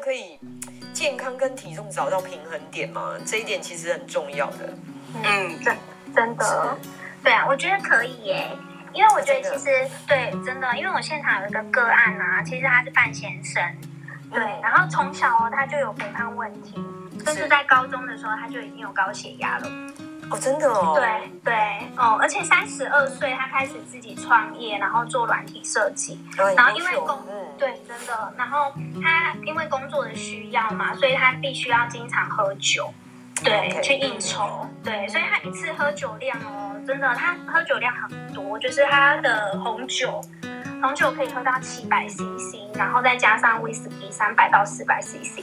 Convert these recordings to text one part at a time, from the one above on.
可以健康跟體重找到平衡點嗎？這一點其實很重要的。嗯，真真的，對啊，我覺得可以耶，因為我覺得其實、哦、對，真的，因為我現場有一個個案啊，其實他是范先生、嗯，對，然後從小、哦、他就有肥胖問題，但是在高中的時候他就已經有高血壓了。哦，真的哦。對對哦，而且三十二歲他開始自己創業，然後做軟體設計，哦、然後因為。嗯對，真的。然後他因為工作的需要嘛，所以他必須要經常喝酒，對，Okay, 去應酬對，對。所以他一次喝酒量哦，真的，他喝酒量很多，就是他的紅酒，紅酒可以喝到七百 cc，然後再加上威士忌三百到四百 cc，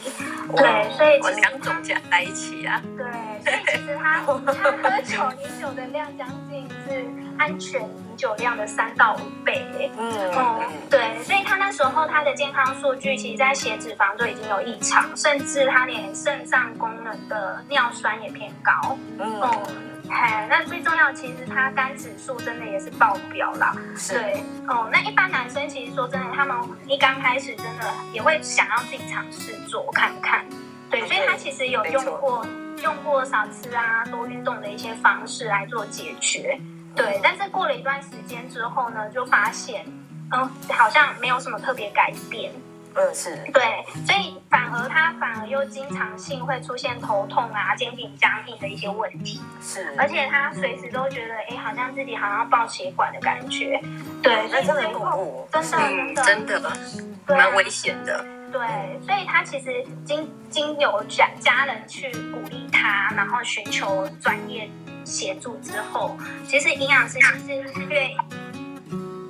對、哦，所以。我兩種加在一起啊。對，所以其實他喝酒飲 酒的量將近是。安全飲酒量的三到五倍，欸，嗯、哦，對，所以他那時候他的健康數據，其實在血脂肪就已經有異常，嗯，甚至他連腎臟功能的尿酸也偏高，嗯，嘿、哦哎，那最重要，其實他肝指數真的也是爆表啦，對，哦，那一般男生其實說真的，他們一剛開始真的也會想要自己嘗試做看看，對，所以他其實有用過用過少吃啊多運動的一些方式來做解決。對，但是過了一段時間之後呢，就發現，嗯、呃，好像沒有什麼特別改變。嗯，是。對，所以反而他反而又經常性會出現頭痛啊、嗯、肩頸僵硬的一些問題。是。而且他隨時都覺得，哎、嗯，好像自己好像爆血管的感覺。對，真的恐怖，真的真的、嗯真的嗯，蠻危險的。對，所以他其實經經由家家人去鼓勵他，然後尋求專業。協助之後，其實營養師就是對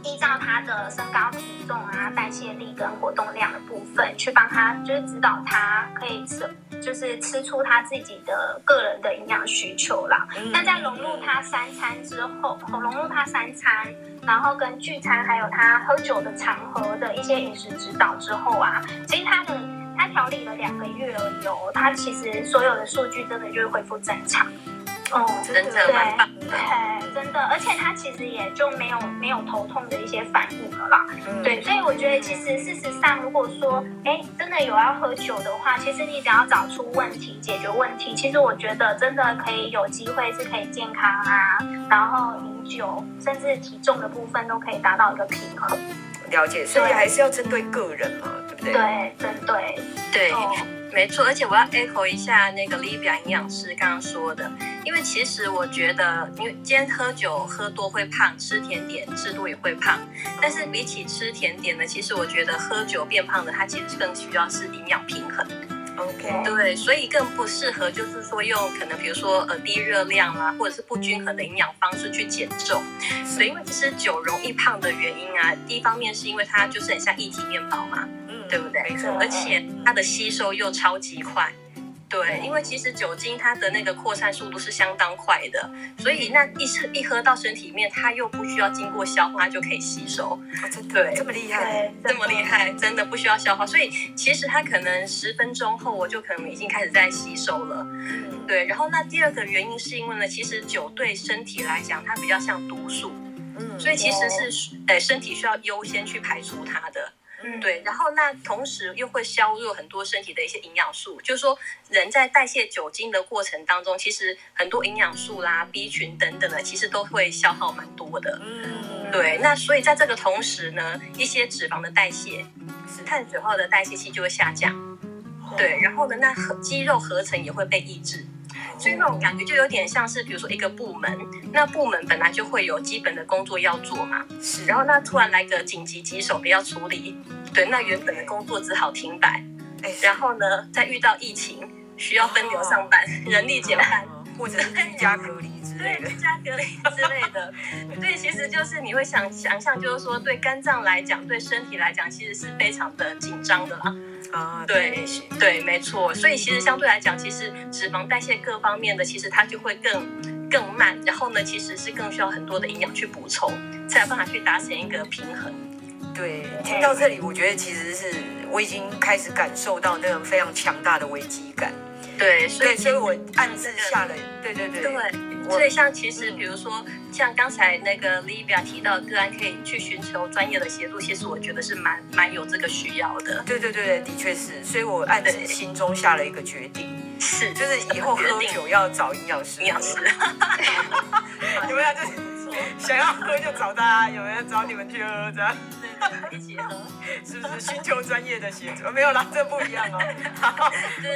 依照他的身高、體重啊、代謝力跟活動量的部分，去幫他就是指導他可以吃，就是吃出他自己的個人的營養需求啦。那、嗯、在融入他三餐之後，融入他三餐，然後跟聚餐還有他喝酒的場合的一些飲食指導之後啊，其實他的他調理了兩個月而已、哦，他其實所有的數據真的就會恢復正常。哦、oh，真的，真的，對，對，真的，而且他其實也就沒有沒有頭痛的一些反應了啦，嗯。對，所以我覺得其實事實上，如果說哎，欸，真的有要喝酒的話，其實你只要找出問題，解決問題，其實我覺得真的可以有機會是可以健康啊，然後飲酒甚至體重的部分都可以達到一個平衡。了解，所以還是要針對個人嘛，對不對？對，針對對。對 oh. 沒錯，而且我要 echo 一下那個 Libby 營養師剛剛說的，因為其實我覺得，因為今天喝酒喝多會胖，吃甜點吃多也會胖。但是比起吃甜點呢，其實我覺得喝酒變胖的，它其實更需要是營養平衡。OK，對，所以更不適合就是說用可能比如說呃低熱量啊，或者是不均衡的營養方式去減重。Okay. 所以因為其實酒容易胖的原因啊，第一方面是因為它就是很像液體麵包嘛。對不對？沒錯，而且它的吸收又超級快，對、嗯，因為其實酒精它的那個擴散速度是相當快的，所以那一是一喝到身體裡面，它又不需要經過消化就可以吸收，哦、對，這麼厲害，這麼厲害，真的不需要消化、嗯，所以其實它可能十分鐘後，我就可能已經開始在吸收了、嗯，對。然後那第二個原因是因為呢，其實酒對身體來講，它比較像毒素，嗯，所以其實是呃、嗯哎、身體需要優先去排除它的。嗯，對，然後那同時又會削弱很多身體的一些營養素，就是說人在代謝酒精的過程當中，其實很多營養素啦、B 群等等的，其實都會消耗蠻多的。嗯，對，那所以在這個同時呢，一些脂肪的代謝、碳水化的代謝期就會下降。哦。對，然後呢，那合，肌肉合成也會被抑制。所以那種感覺就有點像是，比如說一個部門，那部門本來就會有基本的工作要做嘛，是。然後那突然來個緊急棘手的要處理，對，那原本的工作只好停擺。哎。然後呢，再遇到疫情，需要分流上班，哦哦，人力減半，哦哦哦，或者居家隔離之類的。對，居家隔離之類的。 對，其實就是你會想想象，就是說對肝臟來講，對身體來講，其實是非常的緊張的啦。啊對對對，對，對，沒錯，所以其實相對來講，其實脂肪代謝各方面的，其實它就會更更慢，然後呢，其實是更需要很多的營養去補充，才有辦法去達成一個平衡。對，嗯、聽到這裡、嗯，我覺得其實是我已經開始感受到那種非常強大的危機感。對，所以對所以我暗自下了，對對對。對對對對所以，像其實，比如說，像剛才那個 Libia 提到，個案可以去尋求專業的協助，其實我覺得是蠻蠻有這個需要的。對 對對對，的確是。所以我暗自心中下了一個決定，是，就是以後喝酒要找營養師、師。營養師，你們倆這、就是。想要喝就找他啊，有人找你們去喝，這樣一起喝，是不是？尋求專業的協助，沒有啦，這不一樣啊。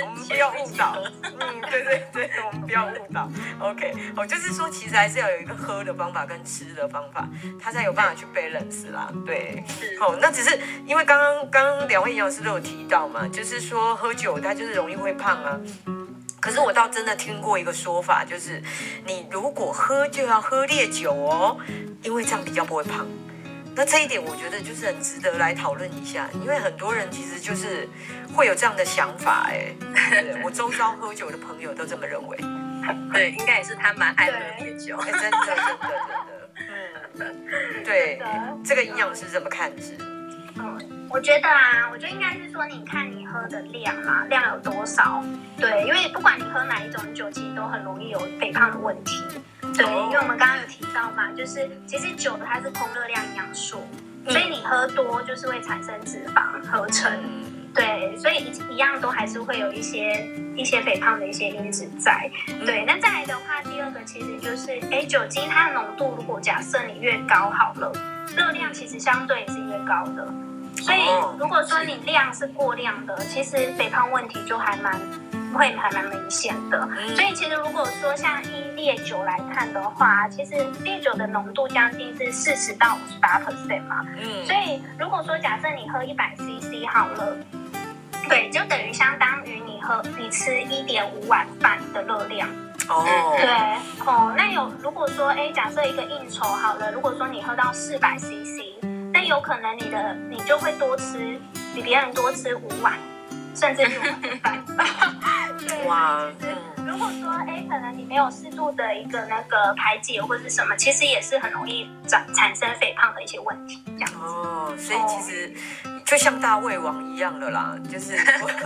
我們不要誤導，嗯，對對對，我們不要誤導，嗯。OK，哦，就是說，其實還是要有一個喝的方法跟吃的方法，他才有辦法去 balance 啦。對，好，那只是因為剛剛，剛剛兩位營養師都有提到嘛，就是說喝酒他就是容易會胖啊。嗯可是我倒真的聽過一個說法，就是你如果喝就要喝烈酒哦，因為這樣比較不會胖。那這一點我覺得就是很值得來討論一下，因為很多人其實就是會有這樣的想法哎。嗯、 我周遭喝酒的朋友都這麼認為，對， 應該也是他蠻愛喝烈酒，欸、真的真的真的，真的。嗯， 對，對，這個營養師怎麼看？這？我覺得啊，我覺得應該是說，你看你喝的量啊，量有多少？對，因為不管你喝哪一種酒，其實都很容易有肥胖的問題。對，oh. 因為我們剛剛有提到嘛，就是其實酒的它是空熱量營養素，所以你喝多就是會產生脂肪合成。嗯、對，所以一一樣都還是會有一些一些肥胖的一些因子在。對，那、嗯、再來的話，第二個其實就是，哎、欸，酒精它的濃度如果假設你越高好了，熱量其實相對也是越高的。所以，如果說你量是過量的，嗯、其實肥胖問題就還蠻會還蠻明顯的、嗯。所以，其實如果說像一烈酒來看的話，其實烈酒的濃度將近是四十到五十八 percent 嘛。嗯，所以如果說假設你喝一百 c c 好了，對，對就等於相當於你喝你吃一點五碗飯的熱量。哦，對，哦、嗯，那有如果說哎、欸，假設一個應酬好了，如果說你喝到四百 c c。但有可能你的你就會多吃，比別人多吃五碗，甚至是五百 對，wow. 如果說哎，可能你沒有適度的一個那個排解或是什麼，其實也是很容易轉產生肥胖的一些問題。這樣子哦，oh, 所以。其實。Oh. 就像大胃王一樣的啦，就是我 對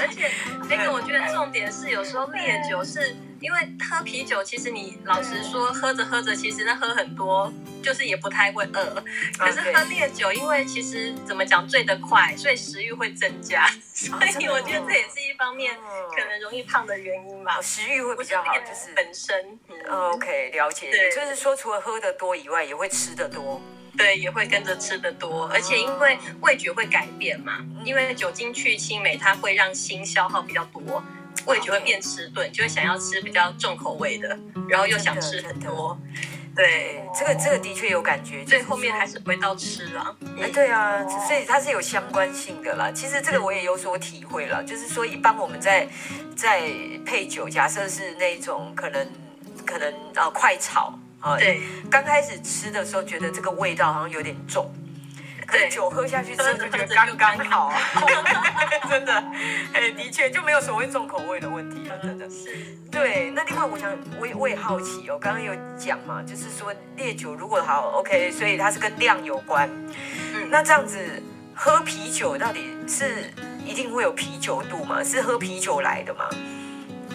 而且那個我覺得重點是，有時候烈酒是因為喝啤酒，其實你老實說，喝着喝着，其實那喝很多，就是也不太會餓。Okay. 可是喝烈酒，因為其實怎麼講，醉得快，所以食慾會增加，所以我覺得這也是一方面，可能容易胖的原因吧。哦，食慾會比較好，就是本身。嗯，OK，了解。對，也就是說，除了喝得多以外，也會吃得多。對，也會跟着吃得多，而且因為味覺會改變嘛，嗯、因為酒精去心美，它會讓鋅消耗比較多，味覺會變遲，遲鈍、嗯，就會想要吃比較重口味的，嗯、然後又想吃很多，嗯、對、哦，這個這個的確有感覺，對哦、所以後面還是回到吃啦、啊嗯，哎，對啊、哦，所以它是有相關性的啦。其實這個我也有所體會了、嗯，就是說一般我們在在配酒，假設是那種可能可能呃、啊、快炒。啊、哦，對，剛開始吃的時候覺得這個味道好像有點重，對，酒喝下去吃的時候真的就覺得剛剛，剛，剛好， 真的，哎、 hey,，的確就沒有所謂重口味的問題了，真的。 是。對，那另外我想，我也我也好奇哦，剛剛有講嘛，就是說烈酒如果好，OK，所以它是跟量有關。那這樣子喝啤酒到底是一定會有啤酒肚嗎？是喝啤酒來的嗎？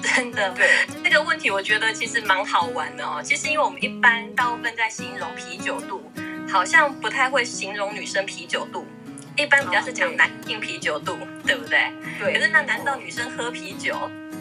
真的，對這個問題，我覺得其實蠻好玩的哦。其實，因為我們一般大部分在形容啤酒肚，好像不太會形容女生啤酒肚，一般比較是講男性啤酒肚，哦、對不對？對。可是那難道女生喝啤酒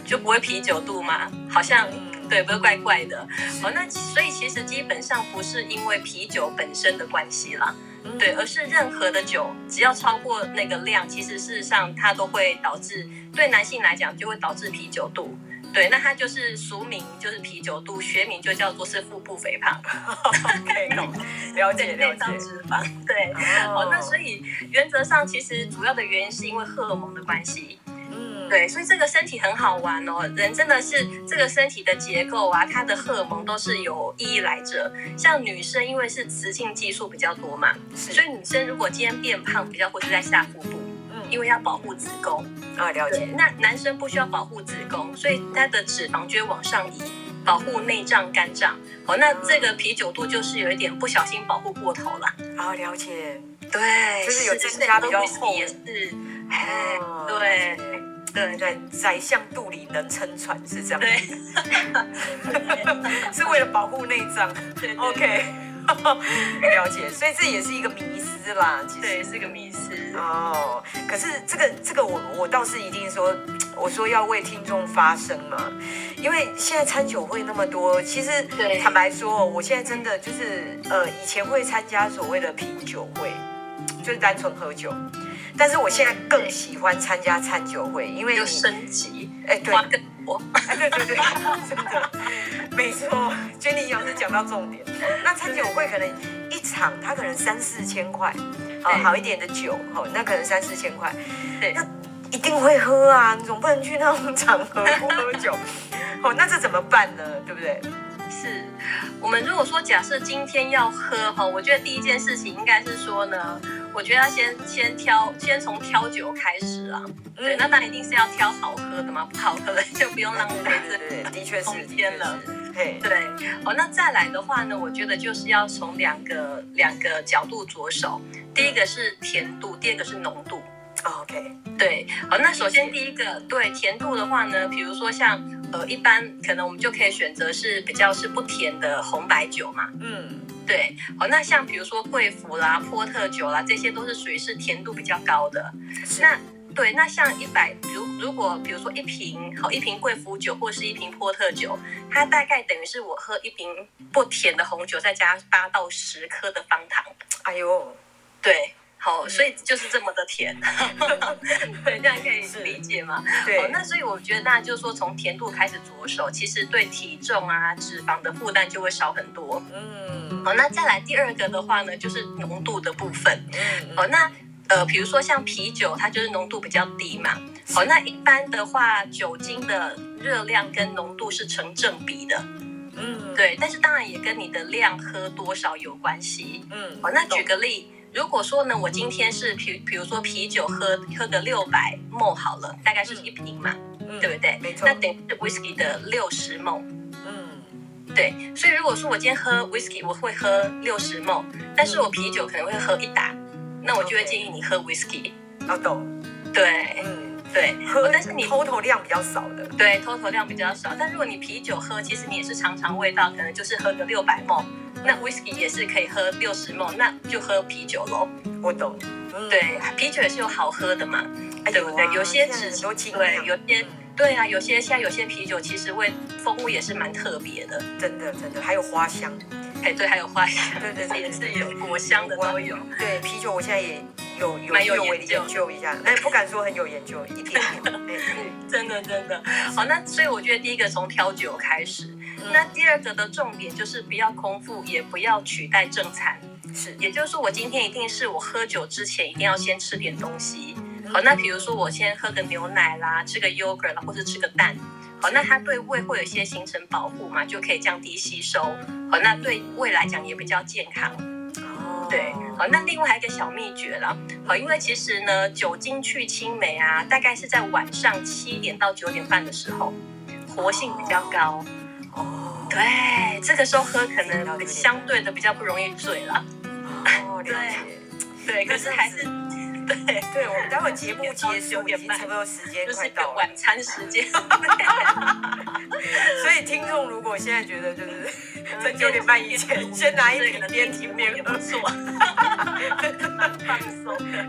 就不會啤酒肚嗎？好像對，不會怪怪的。哦，那所以其實基本上不是因為啤酒本身的關係啦，嗯、對，而是任何的酒只要超過那個量，其實事實上它都會導致，對男性來講就會導致啤酒肚。對，那它就是俗名，就是啤酒肚，學名就叫做是腹部肥胖。Oh, okay, no. 了解對，了解了解。內臟脂肪，對。哦、oh. oh,，那所以原則上其實主要的原因是因為荷爾蒙的關係。嗯、mm.，對。所以這個身體很好玩哦，人真的是這個身體的結構啊，它的荷爾蒙都是有意義來着。像女生，因為是雌性激素比較多嘛，是。所以女生如果今天變胖，比較會是在下腹部。因為要保護子宮啊，了解。那男生不需要保護子宮，所以他的脂肪就往上移，保護內臟肝臟、嗯。哦，那這個啤酒肚就是有一點不小心保護過頭了。啊，了解。對，就是有增加比較厚也是。哦，對對對,對，宰相肚裡能撐船是這樣子。對， 是為了保護內臟。OK 了解，所以這也是一個謎。是啦，其實也是個迷思哦。可是這個這個我，我我倒是一定說，我說要為聽眾發聲嘛，因為現在餐酒會那麼多，其實坦白說，我現在真的就是呃，以前會參加所謂的品酒會，就是單純喝酒，但是我現在更喜歡參加餐酒會，因為升級，哎，對。我 啊、對對對，真的，沒錯，Jenny 要是講到重點。那餐酒會可能一場，他可能三四千塊，好、哦、好一點的酒、哦，那可能三四千塊，對，一定會喝啊，你總不能去那種場合不喝酒、 哦，那這怎麼辦呢？對不對？是，我們如果說假設今天要喝，哈，我覺得第一件事情應該是說呢。我覺得要先先挑先從挑酒開始啊，嗯、對，那當然一定是要挑好喝的嘛，嗯、不好喝的就不用浪費。對的確是，確實。對、哦、對，那再來的話呢，我覺得就是要從兩個兩個角度着手，第一個是甜度，第二個是濃度。哦、OK，對、哦，那首先第一個對甜度的話呢，比如說像呃一般可能我們就可以選擇是比較是不甜的紅白酒嘛，嗯。對，好，那像，比如說貴腐啦、波特酒啦，這些都是屬於是甜度比較高的。那對，那像一百，如如果比如說一瓶好，一瓶貴腐酒或是一瓶波特酒，它大概等於是我喝一瓶不甜的紅酒，再加八到十克的方糖。哎呦，對，好，嗯、所以就是這麼的甜， 對，這樣可以理解嗎？對。那所以我覺得，那就是說從甜度開始着手，其實對體重啊、脂肪的負擔就會少很多。嗯。好、哦，那再來第二個的話呢，就是濃度的部分。嗯，哦，那呃，比如說像啤酒，它就是濃度比較低嘛。哦，那一般的話，酒精的熱量跟濃度是成正比的。嗯，嗯，對。但是當然也跟你的量喝多少有關係。嗯，哦，那舉個例，如果說呢，我今天是比比如說啤酒喝喝個六百 ml 好了，大概是一瓶嘛，嗯、對不對？嗯、沒錯。那等於是威士忌的六十 ml。對，所以如果說我今天喝 whiskey，我會喝六十毫升，但是我啤酒可能會喝一打，那我就會建議你喝 whiskey。我懂。對，嗯，對，喝，但是你偷頭量比較少的。對，偷頭量比較少，但如果你啤酒喝，其實你也是嘗嘗味道，可能就是喝個六百毫升，那 whiskey 也是可以喝六十毫升，那就喝啤酒嘍。我懂。對、嗯，啤酒也是有好喝的嘛，對不對？有些只求精。對，有些。對啊，有些現在有些啤酒其實味風味也是蠻特別的，真的真的，還有花香，哎對，還有花香，對對、對、對對，也是有果香的都有。對啤酒，我現在也有有有、研究、有研究一下，哎不敢說很有研究， 一點點。真的真的，好，那所以我覺得第一個從挑酒開始，嗯，那第二個的重點就是不要空腹，也不要取代正餐，是，也就是說我今天一定是我喝酒之前一定要先吃點東西。好、哦，那比如說我先喝個牛奶啦，吃個 yogurt 啦，或者吃個蛋。好、哦，那它對胃會有一些形成保護嘛，就可以降低吸收。好、哦，那對胃來講也比較健康。哦、oh.。對。好、哦，那另外還一個小秘訣了。好、哦，因為其實呢，酒精去氫酶啊，大概是在晚上七點到九點半的時候，活性比較高。哦、oh. oh.。對，這個時候喝可能相對的比較不容易醉啦、oh, 了。哦 對，可是還是。 對，嗯、對我們待會節目結束，九點半差不多時間就是個晚餐時間。 所以聽眾如果現在覺得就是在九、嗯、點半以前、嗯、先拿一點邊聽邊喝，嗯嗯、不錯， 放鬆。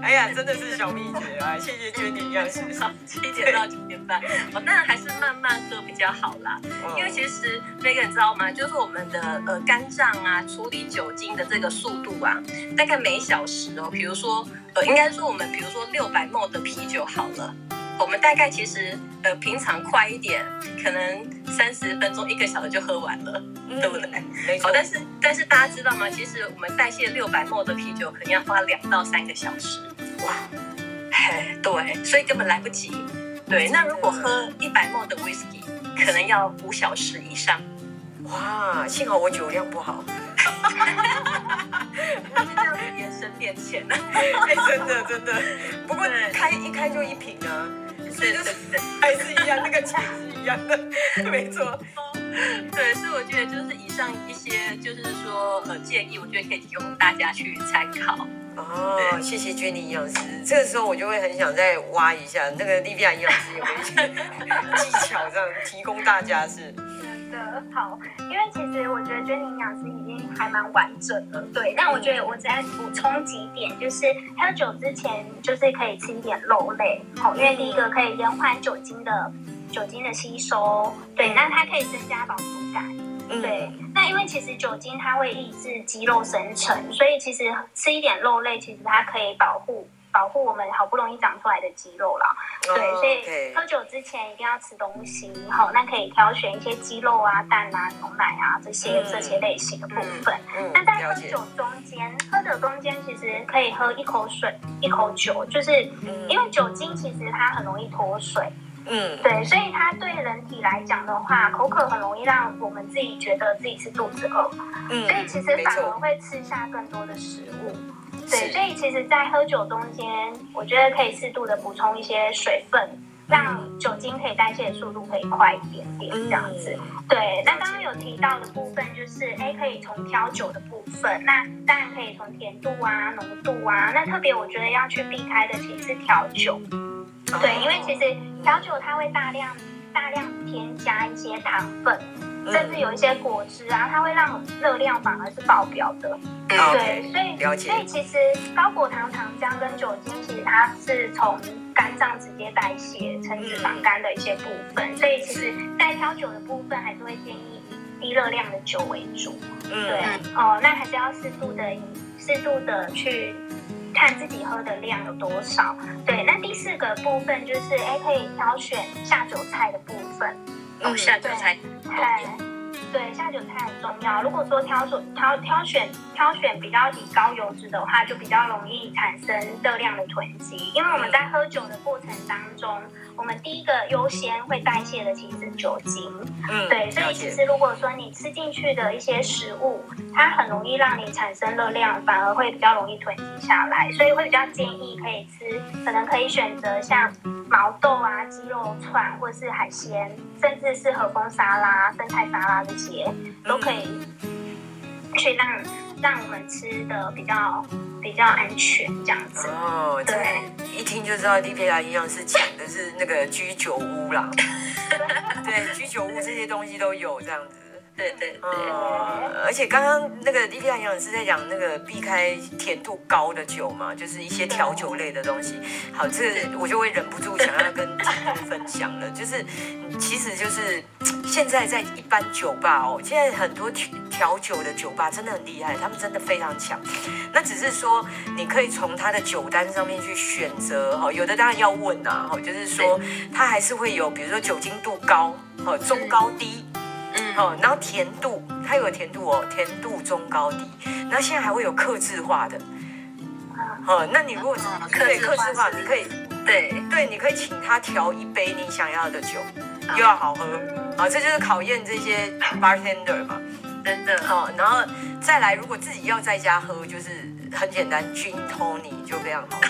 哎呀，真的是小秘訣啊 謝謝點！謝謝娟姐養是七點到九點半，哦，那還是慢慢喝比較好啦。嗯、因為其實每、那個人知道嗎？就是我們的呃肝臟啊處理酒精的這個速度啊，大概每小時哦，嗯、比如說呃、嗯，應該說。我們比如說六百 ml 的啤酒好了，我們大概其實呃平常快一點，可能三十分鐘一個小時就喝完了，嗯、對不對？沒錯。好、哦，但是但是大家知道嗎？其實我們代謝六百 ml 的啤酒，可能要花兩到三個小時。哇！哎，對，所以根本來不及。對，那如果喝一百 ml 的 whisky，可能要五小時以上。哇！幸好我酒量不好。哈哈哈哈哈哈！這樣也省點錢了，真的真的。不過開一開就一瓶呢，啊就是還是一樣，那個錢是一樣的，沒錯。對，所以我覺得就是以上一些就是說呃建議，我覺得可以提供大家去參考。哦，謝謝君尼營養師。這個時候我就會很想再挖一下那個麗比亞營養師有沒有一些技巧，這樣提供大家是。 好，因為其實我覺得均衡飲食已經還蠻完整的，對。但我覺得我再補充幾點，就是喝酒之前就是可以吃一點肉類，好，因為第一個可以延緩酒精的酒精的吸收，對。那它可以增加飽腹感，對、嗯。那因為其實酒精它會抑制肌肉生成，所以其實吃一點肉類，其實它可以保護。保護我們好不容易長出來的肌肉了，對，Oh, okay. 所以喝酒之前一定要吃東西，好、喔，那可以挑選一些雞肉啊、蛋啊、牛奶啊這些、嗯、這些類型的部分。嗯，嗯嗯，了解。那在喝酒中間，喝酒中間其實可以喝一口水、一口酒，就是、嗯、因為酒精其實它很容易脫水，嗯，對，所以它對人體來講的話，口渴很容易讓我們自己覺得自己是肚子餓，嗯，所以其實反而會吃下更多的食物。嗯對，所以其實，在喝酒中間，我覺得可以適度的補充一些水分，讓酒精可以代謝的速度可以快一點點，這樣子。對，那剛剛有提到的部分就是，哎，可以從調酒的部分，那當然可以從甜度啊、濃度啊，那特別我覺得要去避開的其實是調酒。對，因為其實調酒它會大量大量添加一些糖分。甚至有一些果汁啊，嗯、它會讓熱量反而是爆表的。嗯對，啊、okay, 了解。對，所以所以其實高果糖糖漿跟酒精，其實它是從肝臟直接代謝成脂肪肝的一些部分。嗯、所以其實，在挑酒的部分，還是會建議以低熱量的酒為主。嗯，對。哦、嗯呃，那還是要適度的，以適度的去看自己喝的量有多少。對。那第四個部分就是，哎、欸，可以挑選下酒菜的部分。嗯、下酒菜，對，嗯，對，下酒菜很重要。如果說挑、挑、挑選、挑挑選挑選比較高油脂的話，就比較容易產生熱量的囤積。因為我們在喝酒的過程當中，我們第一個優先會代謝的其實是酒精，嗯，對，所以其實如果說你吃進去的一些食物，它很容易讓你產生熱量，反而會比較容易囤積下來，所以會比較建議可以吃，可能可以選擇像毛豆啊、雞肉串，或者是海鮮，甚至是和風沙拉、生菜沙拉這些都可以。去讓讓我們吃的比較比較安全，這樣子。哦，對，一聽就知道 D P R 營養是講的是那個居酒屋啦。 對， 居酒屋這些東西都有這樣子。對對對、嗯，而且剛剛那個莉莉亞營養師在講那個避開甜度高的酒嘛，就是一些調酒類的東西。好，這我就會忍不住想要跟聽眾分享了， 就是其實就是現在在一般酒吧哦，現在很多調，調酒的酒吧真的很厲害，他們真的非常強。那只是說你可以從他的酒單上面去選擇哈，有的當然要問啊，哈，就是說他還是會有，比如說酒精度高，哈，中高低。嗯，哦，然後甜度，它有個甜度哦，甜度中高低，然後現在還會有客製化的，哦、嗯，那你如果可以客製化，客制化，你可以對對，你可以請他調一杯你想要的酒，嗯、又要好喝，好，這就是考驗這些 bartender 嘛，嗯、真的，哦、嗯，然後再來，如果自己要在家喝，就是很簡單，Gin Tonic 你就非常好，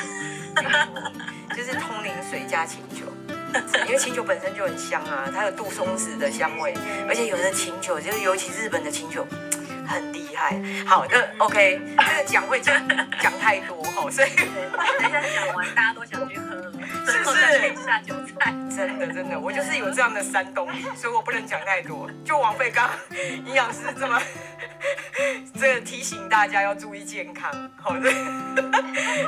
就是通寧水加琴酒。是因為清酒本身就很香啊，它有杜松子的香味，而且有的清酒，就是尤其日本的清酒，很厲害。好就 OK，的，OK，這個講會講講 太多哦，所以 等一下講完大家都想去。是不是下酒菜？真的真的，我就是有這樣的三東西，所以我不能講太多。就枉費剛營養師這麼這個提醒大家要注意健康，好的。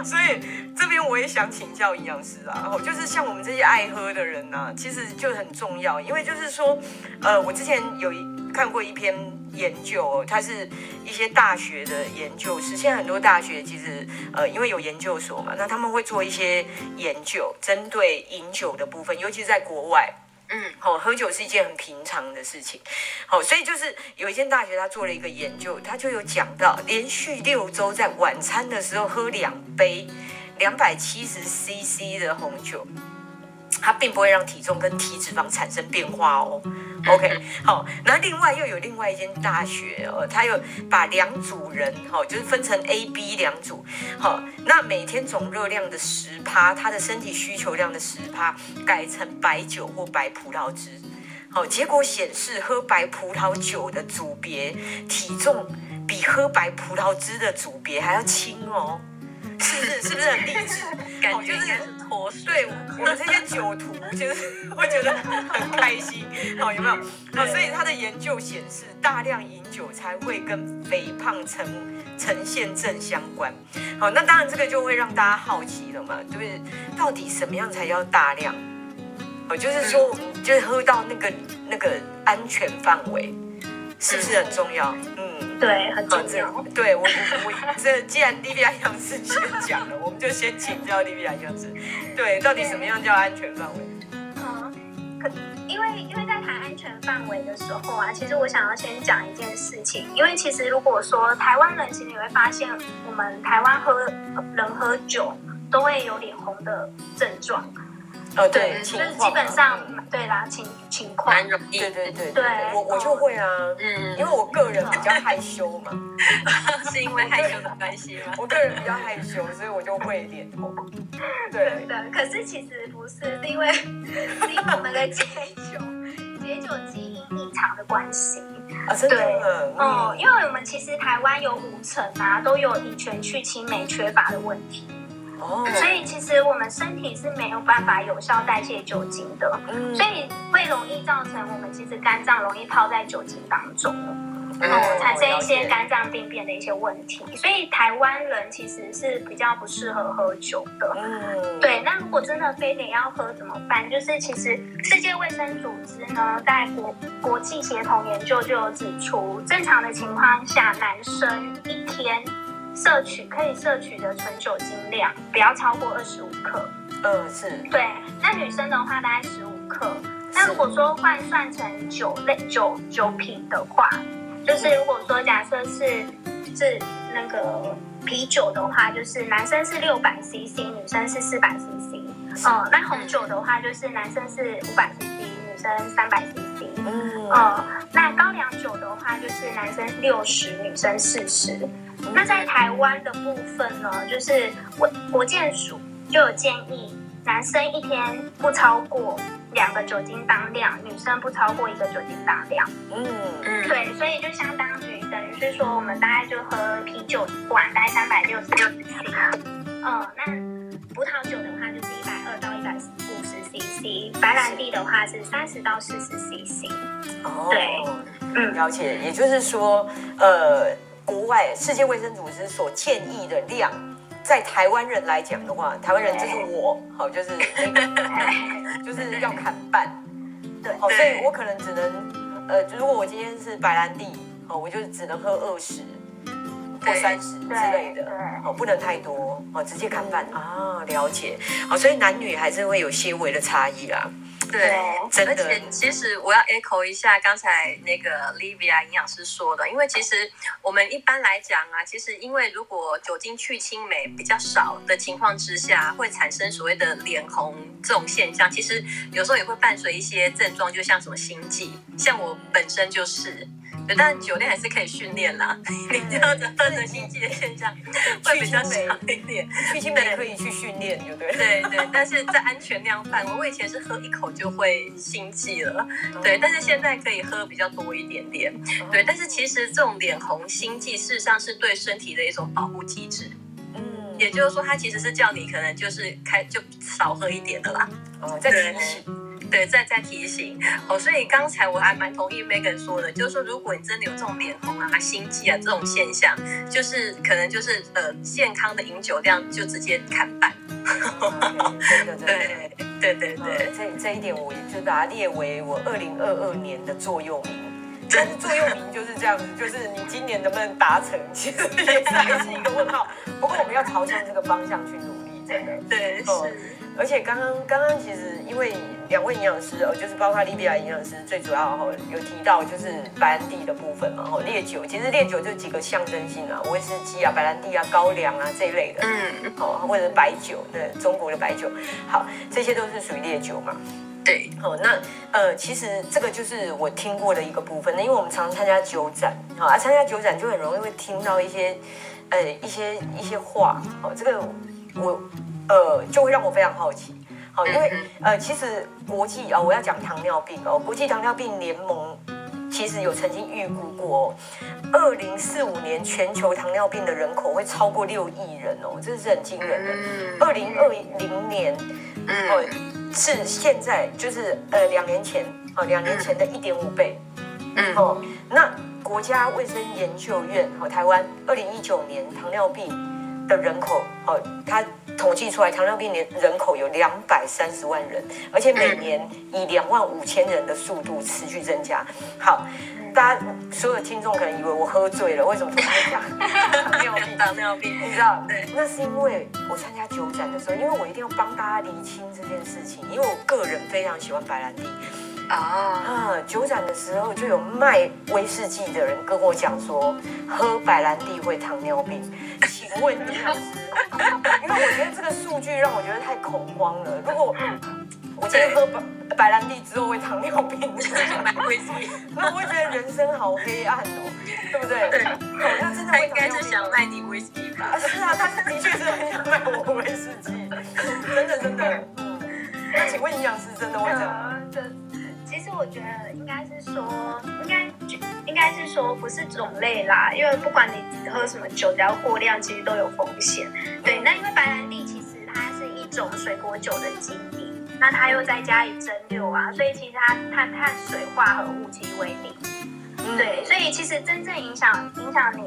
所以這邊我也想請教營養師啊，哦，就是像我們這些愛喝的人吶、啊，其實就很重要，因為就是說，呃，我之前有一看過一篇。研究，它是一些大學的研究。是現在，很多大學其實，呃，因為有研究所嘛，那他們會做一些研究，針對飲酒的部分，尤其是在國外，嗯，好、哦，喝酒是一件很平常的事情，好、哦，所以就是有一間大學，他做了一個研究，他就有講到連續六周在晚餐的時候喝兩杯兩百七十 CC 的紅酒。它並不會讓體重跟體脂肪產生變化哦。OK，好，那另外又有另外一間大學哦，他又把兩組人哈、哦，就是分成 A、B 兩組，好、哦，那每天總熱量的十趴，他的身體需求量的十趴，改成白酒或白葡萄汁，好、哦，結果顯示喝白葡萄酒的組別體重比喝白葡萄汁的組別還要輕哦，是不是？是不是很勵志？ 感覺、就是。對我們這些酒徒，就是會覺得很開心，好有沒有？好，所以他的研究顯示，大量飲酒才會跟肥胖呈呈現正相關。好，那當然這個就會讓大家好奇了嘛，對不對？到底什麼樣才叫大量？好，就是說，就是、喝到那個那個安全範圍，是不是很重要？對，很重要、啊。對，我我這 既然 D B I 營養師講了，我們就先請教 D B I 營養師。對，到底什麼樣叫安全範圍？Okay. 嗯，可因為因為在談安全範圍的時候啊，其實我想要先講一件事情，因為其實如果說台灣人，其實你會發現，我們台灣喝人喝酒都會有臉紅的症狀。呃、哦，對,對、啊，就是基本上，對啦，情情況蠻，對對對,對,對,對，我我就會啊，嗯，因為我個人比較害羞嘛，嗯、羞是因為害羞的關係嗎？我個, 我個人比較害羞，所以我就會臉紅。對的，可是其實不是，是因為,是因為我們的解酒解酒基因異常的關係。啊，真的對、嗯？哦，因為我們其實台灣有五成啊，都有乙醛去氫酶缺乏的問題。Oh, 所以其實我們身體是沒有辦法有效代謝酒精的，嗯，所以會容易造成我們其實肝臟容易泡在酒精當中，嗯，然後產生一些肝臟病變的一些問題。所以台灣人其實是比較不適合喝酒的。嗯，對。那如果真的非得要喝怎麼辦？就是其實世界衛生組織呢，在國國際協同研究就有指出，正常的情況下，男生一天。攝取可以攝取的純酒精量不要超過二十五克，二、呃、是。對，那女生的話大概十五克。那如果說換算成酒類酒酒品的話，就是如果說假設是、嗯、是那個啤酒的話，就是男生是六百 cc，女生是四百 cc。呃，那紅酒的話就是男生是五百 cc，女生三百 cc。嗯。呃、那高粱酒的話就是男生六十，女生四十。嗯、那在台灣的部分呢，就是我國健署，就有建議，男生一天不超過兩個酒精當量，女生不超過一個酒精當量。嗯嗯，對，所以就相當於等於是說，我們大概就喝啤酒一罐，大概三百六十六 cc。哦、嗯，那葡萄酒的話就是一百二到一百五十 cc，白蘭地的話是三十到四十 cc。哦，對，嗯，了解。也就是說，呃。國外世界衛生組織所建議的量，在台灣人來講的話，台灣人就是我，好、哦、就是、那個、 就是要砍半，對，好，所以我可能只能，呃，如果我今天是白蘭地，好、哦，我就只能喝二十或三十之類的，對，好、哦，不能太多，好、哦，直接砍半。啊，了解，好，所以男女還是會有些微的差異啦、啊。對、嗯，而且真的其實我要 echo 一下剛才那個 Livia 營養師說的，因為其實我們一般來講啊，其實因為如果酒精去氫酶比較少的情況之下，會產生所謂的臉紅這種現象，其實有時候也會伴隨一些症狀，就像什麼心悸，像我本身就是。對，但酒量還是可以訓練啦，嗯、你知道、嗯、喝的心悸的現象會比較好一點。畢竟悸可以去訓練，對，對不對？ 但是在安全量範圍，我以前是喝一口就會心悸了，嗯、對、嗯。但是現在可以喝比較多一點點，嗯、對。但是其實這種臉紅心悸，事實上是對身體的一種保護機制。嗯，也就是說，它其實是叫你可能就是開就少喝一點的啦。嗯、哦，在提醒。對，再再提醒哦，oh, 所以剛才我還蠻同意 Megan 說的，就是說如果你真的有這種臉紅啊、啊心悸啊這種現象，就是可能就是呃健康的飲酒量就直接砍半。Okay, 真的。對對對對，oh, 這這一點我就把它列為我2022年的座右銘。 但是座右銘就是這樣子，就是你今年能不能達成，其實也是,是一個問號。 不過我們要朝向這個方向去努力，真的。對、oh. 是。而且剛剛剛剛其實因為兩位營養師哦，就是包括利比亞營養師，最主要哈、哦、有提到就是白蘭地的部分嘛，哈、哦、烈酒，其實烈酒就幾個象徵性啊，威士忌啊、白蘭地啊、高粱啊這一類的，嗯、哦，哦或者白酒，對中國的白酒，好這些都是屬於烈酒嘛，對，好、哦、那呃其實這個就是我聽過的一個部分，那因為我們常常參加酒展，哦、啊參加酒展就很容易會聽到一些呃一些一些話，好、哦、這個。我，呃，就會讓我非常好奇，好、哦，因為呃，其實國際啊、哦，我要講糖尿病哦，國際糖尿病聯盟其實有曾經預估過、哦，二零四五年全球糖尿病的人口會超過六億人哦，這是很驚人的。二零二零年哦，是現在就是呃兩年前哦，兩年前的一點五倍哦。那國家衛生研究院和、哦、台灣二零一九年糖尿病。的人口哦，他統計出來糖尿病的人口有兩百三十萬人，而且每年以兩萬五千人的速度持續增加。好，大家所有聽眾可能以為我喝醉了，為什麼我在講糖尿病，你知道？對，那是因為我參加酒展的時候，因為我一定要幫大家釐清這件事情，因為我個人非常喜歡白蘭地。啊、oh. 啊、嗯！酒展的時候就有賣威士忌的人跟我講說，喝白蘭地會糖尿病。請問營養師， 因為我覺得這個數據讓我覺得太恐慌了。如果我今天喝白蘭地之後會糖尿病， 威士忌，那我會覺得人生好黑暗哦，對 不對？對，好像真的糖尿病應該是想賣你威士忌吧？ 啊是啊，他是的確是很想賣我威士忌，真的真的。 那請問營養師真的會這樣、 啊？真。我覺得應該是說，應該應該是說不是種類啦，因為不管你喝什麼酒，只要過量，其實都有風險。對，那因為白蘭地其實它是一種水果酒的基底，那它又在家裡蒸餾啊，所以其實它碳碳水化合物幾乎為零。對，所以其實真正影響影響你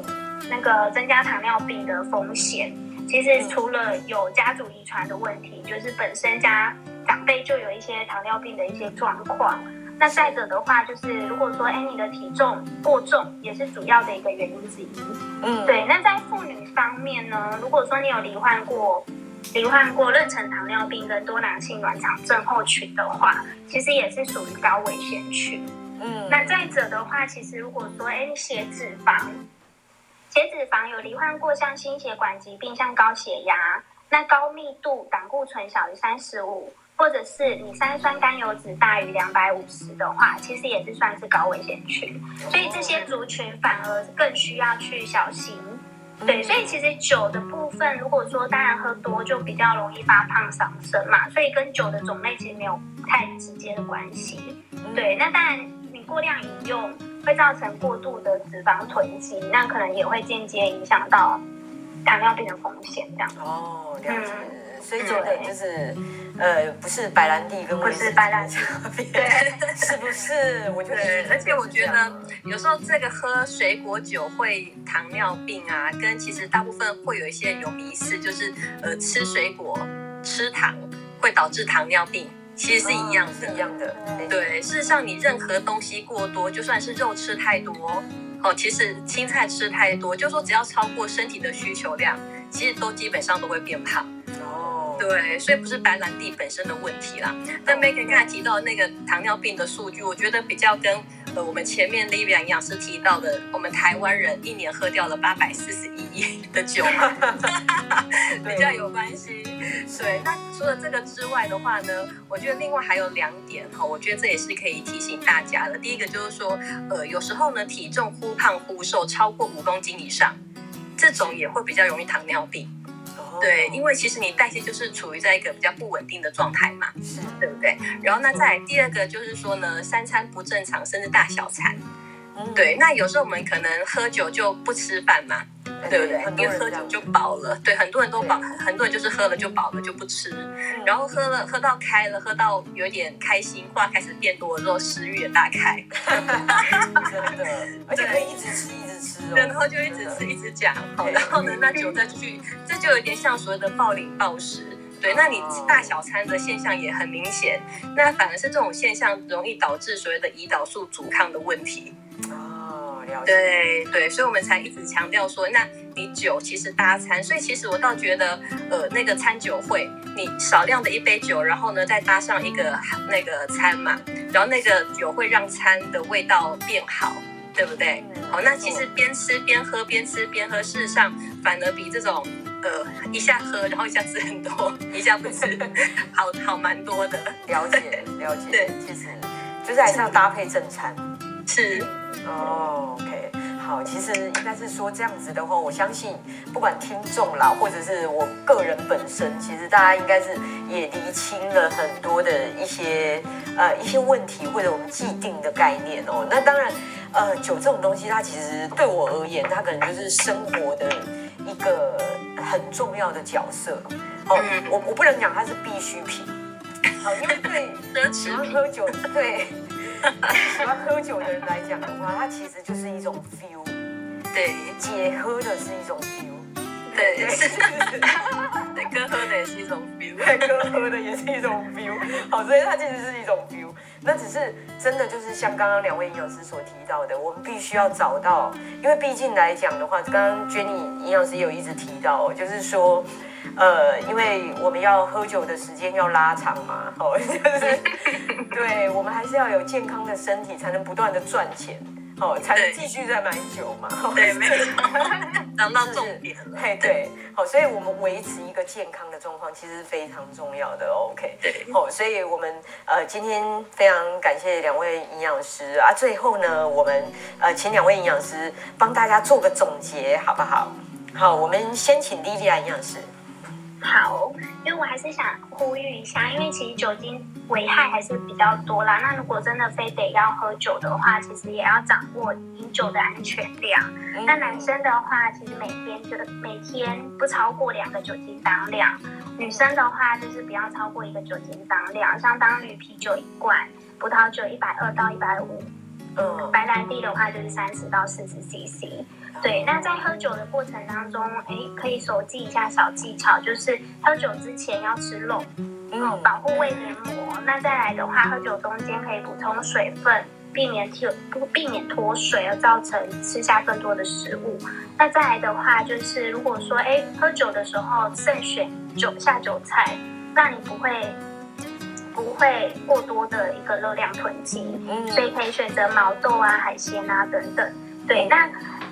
那個增加糖尿病的風險，其實除了有家族遺傳的問題，就是本身家長輩就有一些糖尿病的一些狀況。那再者的話，就是如果說哎，你的體重過重，也是主要的一個原因之一。嗯，對。那在婦女方面呢，如果說你有罹患過罹患過妊娠糖尿病跟多囊性卵巢症候群的話，其實也是屬於高危險群。嗯，那再者的話，其實如果說哎，你血脂肪、血脂肪有罹患過像心血管疾病，像高血壓，那高密度膽固醇小於三十五。或者是你三酸甘油酯大於兩百五十的話，其實也是算是高危險群，所以這些族群反而更需要去小心。對，所以其實酒的部分，如果說當然喝多就比較容易發胖、傷身嘛，所以跟酒的種類其實沒有太直接的關係。對，那當然你過量飲用會造成過度的脂肪囤積，那可能也會間接影響到糖尿病的風險這樣。哦，這所以做的就是、嗯，呃，不是白蘭地跟威不是白蘭地對，是不是？我覺得是對，而且我覺得這這，有時候這個喝水果酒會糖尿病啊，跟其實大部分會有一些有迷思，就是呃，吃水果吃糖會導致糖尿病，其實是一樣的，哦，是一樣的對對。對，事實上你任何東西過多，就算是肉吃太多，嗯，哦，其實青菜吃太多，就說只要超過身體的需求量，其實都基本上都會變胖。對，所以不是白蘭地本身的問題啦。那 Megan 剛才提到那個糖尿病的數據，我覺得比較跟呃我們前面的 Libby 營養師提到的，我們台灣人一年喝掉了八百四十一億的酒嘛， 比較有關係。對，所以，那除了這個之外的話呢，我覺得另外還有兩點哈，我覺得這也是可以提醒大家的。第一個就是說，呃，有時候呢體重忽胖忽瘦超過五公斤以上，這種也會比較容易糖尿病。對，因為其實你代謝就是處於在一個比較不穩定的狀態嘛，對不對？然後那再來第二個就是說呢，三餐不正常，甚至大小餐。對，那有時候我們可能喝酒就不吃飯嘛，對不對？Okay, 因為喝酒就飽了，對，很多人都飽，很多人就是喝了就飽了就不吃、嗯，然後喝了喝到開了，喝到有點開心話開始變多了之後食欲也大開、 嗯，真的對 對，而且可以一直吃一直吃哦，然後就一直吃一直講，okay. 然後呢那酒再出去， 這就有點像所謂的暴飲暴食。對，那你大小餐的現象也很明顯，oh. 那反而是這種現象容易導致所謂的胰島素阻抗的問題。哦、oh, 了解。對對，所以我們才一直強調說，那你酒其實搭餐，所以其實我倒覺得，呃，那個餐酒會，你少量的一杯酒，然後呢再搭上一個那個餐嘛，然後那個酒會讓餐的味道變好，對不對？對。好，那其實邊吃邊喝，邊吃邊喝，事實上反而比這種。呃，一下喝，然後一下吃很多，一下不是， 好好蠻多的。了解，了解。對，其實就是還是要搭配正餐。是。哦，OK，好。其實應該是說這樣子的話，我相信不管聽眾啦，或者是我個人本身，其實大家應該是也釐清了很多的一些呃一些問題或者我們既定的概念哦。那當然，呃，酒這種東西，它其實對我而言，它可能就是生活的。一個很重要的角色，哦，嗯，我我不能講它是必需品， 好，因為對喜歡喝酒對 喜歡喝酒的人來講的話，它其實就是一種 feel，對，解喝的是一種 feel，對。對 跟喝的也是一種 feel，喝的也是一種 feel， 好，所以它其實是一種 feel，那只是真的就是像剛剛兩位營養師所提到的，我們必須要找到，因為畢竟來講的話，剛剛 Jenny 營養師也有一直提到，就是說，呃，因為我們要喝酒的時間要拉長嘛，好，就是，對，我們還是要有健康的身體，才能不斷的賺錢。哦，才能繼續再買酒嘛？對，哦、對對沒有，講到重點了。嘿，對，好、哦，所以我們維持一個健康的狀況其實是非常重要的、哦。OK，對，好、哦，所以我們呃今天非常感謝兩位營養師啊，最後呢，我們呃請兩位營養師幫大家做個總結，好不好？好，我們先請莉莉亞營養師。好，因為我還是想呼籲一下，因為其實酒精危害還是比較多啦。那如果真的非得要喝酒的話，其實也要掌握飲酒的安全量。那男生的話，其實每天就每天不超過兩個酒精當量；女生的話，就是不要超過一個酒精當量，相當於啤酒一罐、葡萄酒一百二到一百五。呃、白蘭地的話就是三十到四十 cc，對。那在喝酒的過程當中，哎，可以熟記一下小技巧，就是喝酒之前要吃肉，呃、保護胃黏膜、膜。那再來的話，喝酒中間可以補充水分，避免脫不避免脫水而造成吃下更多的食物。那再來的話，就是如果說哎喝酒的時候慎選酒下酒菜，那你不會不會過多的一個熱量囤積，嗯，所以可以選擇毛豆啊、海鮮啊等等。對，那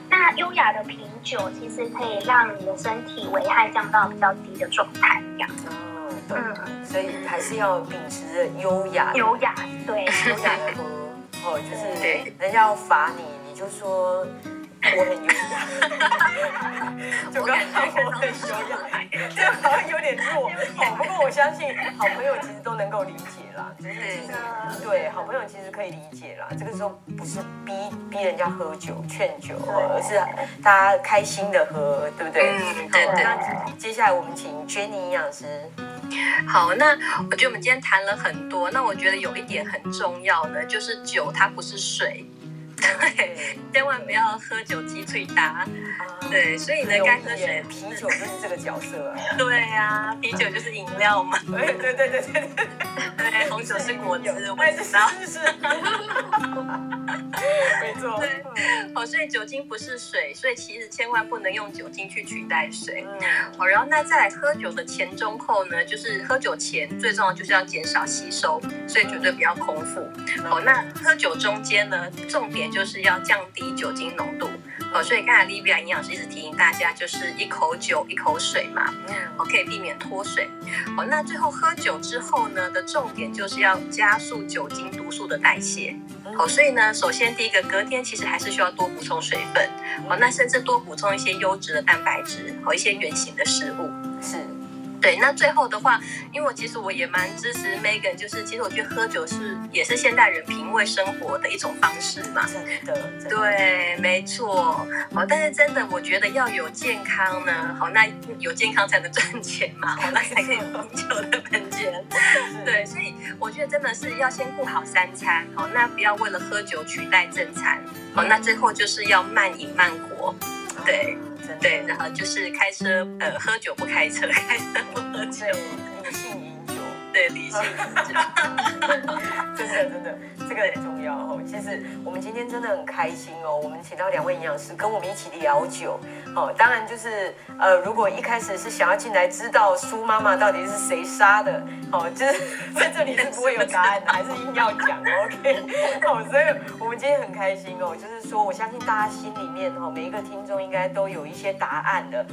那優雅的品酒其實可以讓你的身體危害降到比較低的狀態。哦、嗯，對、嗯，所以還是要秉持着優、優雅，優雅，對，優雅哦，就是人要罰你，你就說。我很優雅， 就剛剛我很優雅，這 好像有點弱哦。不過我相信好朋友其實都能夠理解啦，就是對。對，對，好朋友其實可以理解啦。這個時候不是逼逼人家喝酒勸酒，而是大家開心的喝，對不對？好，嗯，對對。接下來我們請 Jenny 營養師。好，那我覺得我們今天談了很多。那我覺得有一點很重要的就是酒，它不是水。對，千萬不要喝酒雞最搭對，所以呢，該喝水。啤酒，就是這個角色，啊。 對啊，啤酒就是飲料嘛 對。對對對對，對紅酒是果汁。我也是，是是是。 沒錯，對、嗯，哦，所以酒精不是水，所以其實千萬不能用酒精去取代水。嗯，好、哦、然後那在喝酒的前中後呢，就是喝酒前最重要就是要減少吸收，所以絕對不要空腹、嗯。哦，那喝酒中間呢，重點就是要降低酒精濃度。好、哦，所以剛才 Livia 營養師一直提醒大家，就是一口酒一口水嘛，嗯，可以避免脫水。哦，那最後喝酒之後呢的重點就是要加速酒精毒素的代謝。好、哦，所以呢，首先第一個，隔天其實還是需要多補充水分，好、哦，那甚至多補充一些優質的蛋白質，好、哦，一些原型的食物，是。對，那最後的話，因為我其實我也蠻支持 Megan，就是其實我覺得喝酒是也是現代人品味生活的一種方式嘛。真的，真的。對，沒錯。好、哦，但是真的我覺得要有健康呢，好，那有健康才能賺錢嘛，好，那才可以有飲酒的本錢。對，所以我覺得真的是要先顧好三餐，好、哦，那不要為了喝酒取代正餐，好、嗯哦，那最後就是要慢飲慢活、嗯，對。對，然後就是開車，呃，喝酒不開車，開車不喝酒，理性飲酒，對，理性飲酒，真 的， 真的。 這個很重要哦。其實我們今天真的很開心哦。我們請到兩位營養師跟我們一起聊酒。好，當然就是呃，如果一開始是想要進來知道蘇媽媽到底是誰殺的，好，就是在這裡是不會有答案的，還是硬要講 ，OK？好，所以我們今天很開心哦。就是說，我相信大家心裡面哦，每一個聽眾應該都有一些答案的。